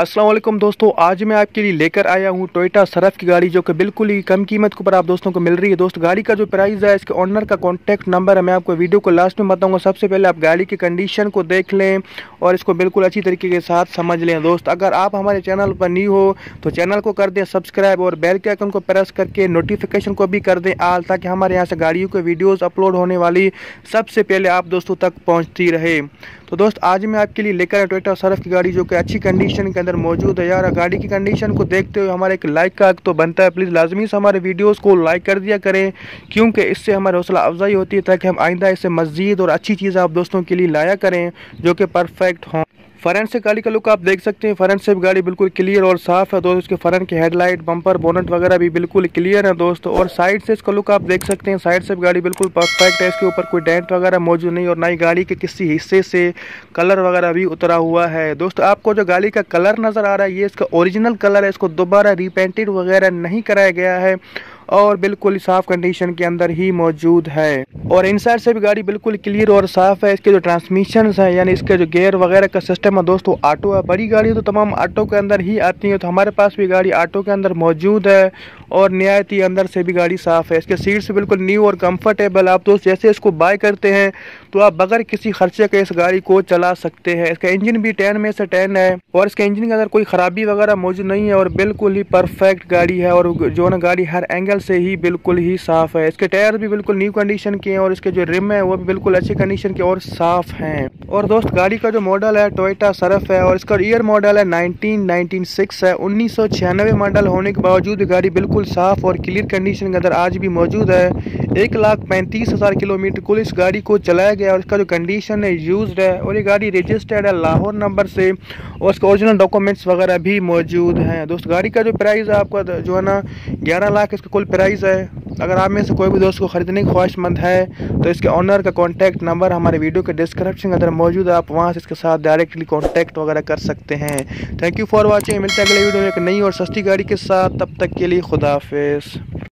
असलम दोस्तों आज मैं आपके लिए लेकर आया हूँ टोयोटा सरफ की गाड़ी जो कि बिल्कुल ही कम कीमत के ऊपर आप दोस्तों को मिल रही है दोस्त गाड़ी का जो प्राइस है इसके ऑनर का कॉन्टैक्ट नंबर है मैं आपको वीडियो को लास्ट में बताऊँगा सबसे पहले आप गाड़ी की कंडीशन को देख लें और इसको बिल्कुल अच्छी तरीके के साथ समझ लें दोस्त अगर आप हमारे चैनल पर न्यू हो तो चैनल को कर दें सब्सक्राइब और बेल के आइकन को प्रेस करके नोटिफिकेशन को भी कर दें आल ताकि हमारे यहाँ से गाड़ियों के वीडियोज़ अपलोड होने वाली सबसे पहले आप दोस्तों तक पहुँचती रहे तो दोस्त आज मैं आपके लिए लेकर आया टोयोटा सरफ की गाड़ी जो कि अच्छी कंडीशन के अंदर अंदर मौजूद है यार गाड़ी की कंडीशन को देखते हुए हमारा एक लाइक का हक तो बनता है प्लीज़ लाजमी से हमारे वीडियोस को लाइक कर दिया करें क्योंकि इससे हमारी हौसला अफजाई होती है ताकि हम आइंदा इससे मज़ीद और अच्छी चीज़ें आप दोस्तों के लिए लाया करें जो कि परफेक्ट हों फरन से गाड़ी का लुक आप देख सकते हैं फरन से गाड़ी बिल्कुल क्लियर और साफ है दोस्तों इसके फरन की हेडलाइट बम्पर बोनट वगैरह भी बिल्कुल क्लियर है दोस्तों और साइड से इसका लुक आप देख सकते हैं साइड से गाड़ी बिल्कुल परफेक्ट है इसके ऊपर कोई डेंट वगैरह मौजूद नहीं और ना ही गाड़ी के किसी हिस्से से कलर वगैरह भी उतरा हुआ है दोस्तों आपको जो गाड़ी का कलर नज़र आ रहा है ये इसका ओरिजिनल कलर है इसको दोबारा रिपेंटेड वगैरह नहीं कराया गया है और बिल्कुल साफ कंडीशन के अंदर ही मौजूद है और इन साइड से भी गाड़ी बिल्कुल क्लियर और साफ है इसके जो ट्रांसमिशन है यानी इसके जो गेयर वगैरह का सिस्टम है दोस्तों ऑटो है बड़ी गाड़ी तो तमाम ऑटो के अंदर ही आती है तो हमारे पास भी गाड़ी ऑटो के अंदर मौजूद है और नहायत ही अंदर से भी गाड़ी साफ है इसके सीट्स बिल्कुल न्यू और कंफर्टेबल आप दोस्त जैसे इसको बाय करते हैं तो आप बगैर किसी खर्चे के इस गाड़ी को चला सकते हैं इसका इंजन भी टेन में से टेन है और इसके इंजन के अंदर कोई खराबी वगैरह मौजूद नहीं है और बिल्कुल ही परफेक्ट गाड़ी है और जो ना गाड़ी हर एंगल से ही बिल्कुल ही साफ़ है इसके टायर भी बिल्कुल न्यू कंडीशन के हैं और इसके जो रिम है वो भी बिल्कुल अच्छी कंडीशन के और साफ़ हैं और दोस्त गाड़ी का जो मॉडल है टोयोटा सरफ है और इसका ईयर मॉडल है 1996 है उन्नीस सौ छियानवे मॉडल होने के बावजूद गाड़ी बिल्कुल साफ़ और क्लियर कंडीशन के अंदर आज भी मौजूद है एक लाख पैंतीस हज़ार किलोमीटर कुल इस गाड़ी को चलाया गया और इसका जो कंडीशन है यूज है और ये गाड़ी रजिस्टर्ड है लाहौर नंबर से और इसके ओरिजिनल डॉक्यूमेंट्स वगैरह भी मौजूद हैं दोस्त गाड़ी का जो प्राइस है आपका तो जो है ना ग्यारह लाख इसका कुल प्राइस है अगर आप में से कोई भी दोस्त को ख़रीदने की ख्वाहिशमंद है तो इसके ऑनर का कॉन्टैक्ट नंबर हमारे वीडियो के डिस्क्रिप्शन के अंदर मौजूद है आप वहाँ से इसके साथ डायरेक्टली कॉन्टैक्ट वगैरह कर सकते हैं थैंक यू फॉर वॉचिंग मिलते हैं अगले वीडियो में एक नई और सस्ती गाड़ी के साथ तब तक के लिए खुदाफिज